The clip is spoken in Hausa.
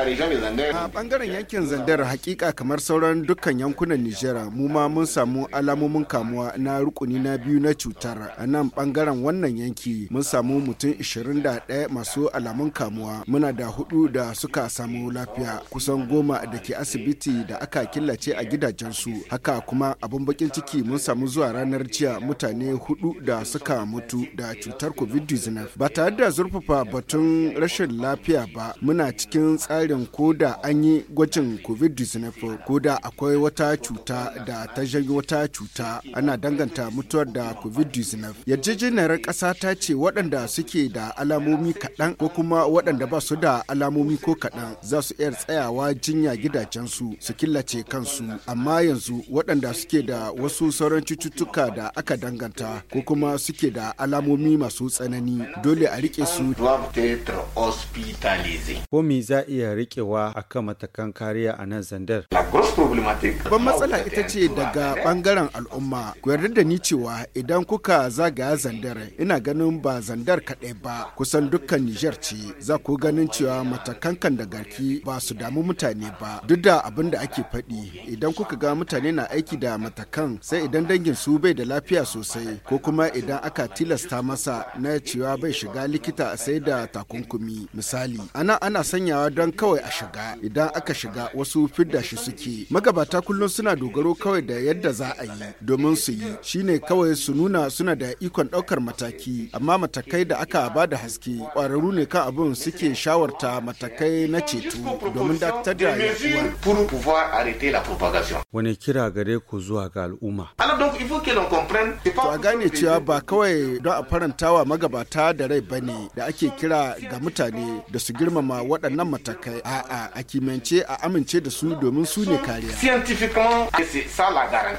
A bangaren yankin Zandar hakika kamar sauran dukkan yankunan Nijera mu ma mun samu alamomin kamuwa na rukuni na biyu na cutar. A nan bangaren wannan yanki mun samu mutum 21 masu alamun kamuwa. Muna da hudu da suka samu lafiya kusan goma da ke asibiti da aka killace a gidajensu. Haka kuma abin bakin ciki mun samu zuwa ranar jiya mutane hudu da suka mutu da cutar COVID-19. Ba tare da zurfafa batun rashin lafiya ba muna cikin tsari tsarin da an yi gwajin covid-19 koda akwai wata cuta da ta janyo wata cuta ana danganta mutuwar da covid-19 yarjejeniyar ƙasa ta ce waɗanda suke da alamomi kaɗan ko kuma waɗanda ba su da alamomi ko kaɗan za su iya tsayawa jinya gidajensu su killace kansu amma yanzu waɗanda suke da wasu sauran cututtuka da aka danganta ko kuma suke da alamomi masu tsanani dole a riƙe su ko me za iya rikewa a kan matakan kariya a nan zandar. Ban matsala ita ce daga bangaren al'umma. Ku yarda da ni cewa idan kuka zagaya zandar ina ganin ba zandar kaɗai ba kusan dukkan Nijar ce za ku ganin cewa matakan kan da garki ba su damu mutane ba duk da abin da ake faɗi idan kuka ga mutane na aiki da matakan sai idan dangin su bai da lafiya sosai ko kuma idan aka tilasta masa na cewa bai shiga likita sai da takunkumi misali ana ana sanyawa don kawai kawai a shiga idan aka shiga wasu fidda shi suke magabata kullum suna dogaro kawai da yadda za a yi domin su yi shine kawai su nuna suna da ikon daukar mataki amma matakai da aka ba da haske ƙwararru ne kan abin suke shawarta matakai na ceto domin dakatar da wani kira gare ku zuwa ga al'umma to a gane cewa ba kawai don a farantawa magabata da rai bane da ake kira ga mutane da su girmama waɗannan matakai a a a kimance a amince da su domin su ne kariya scientifiquement c'est ça la garantie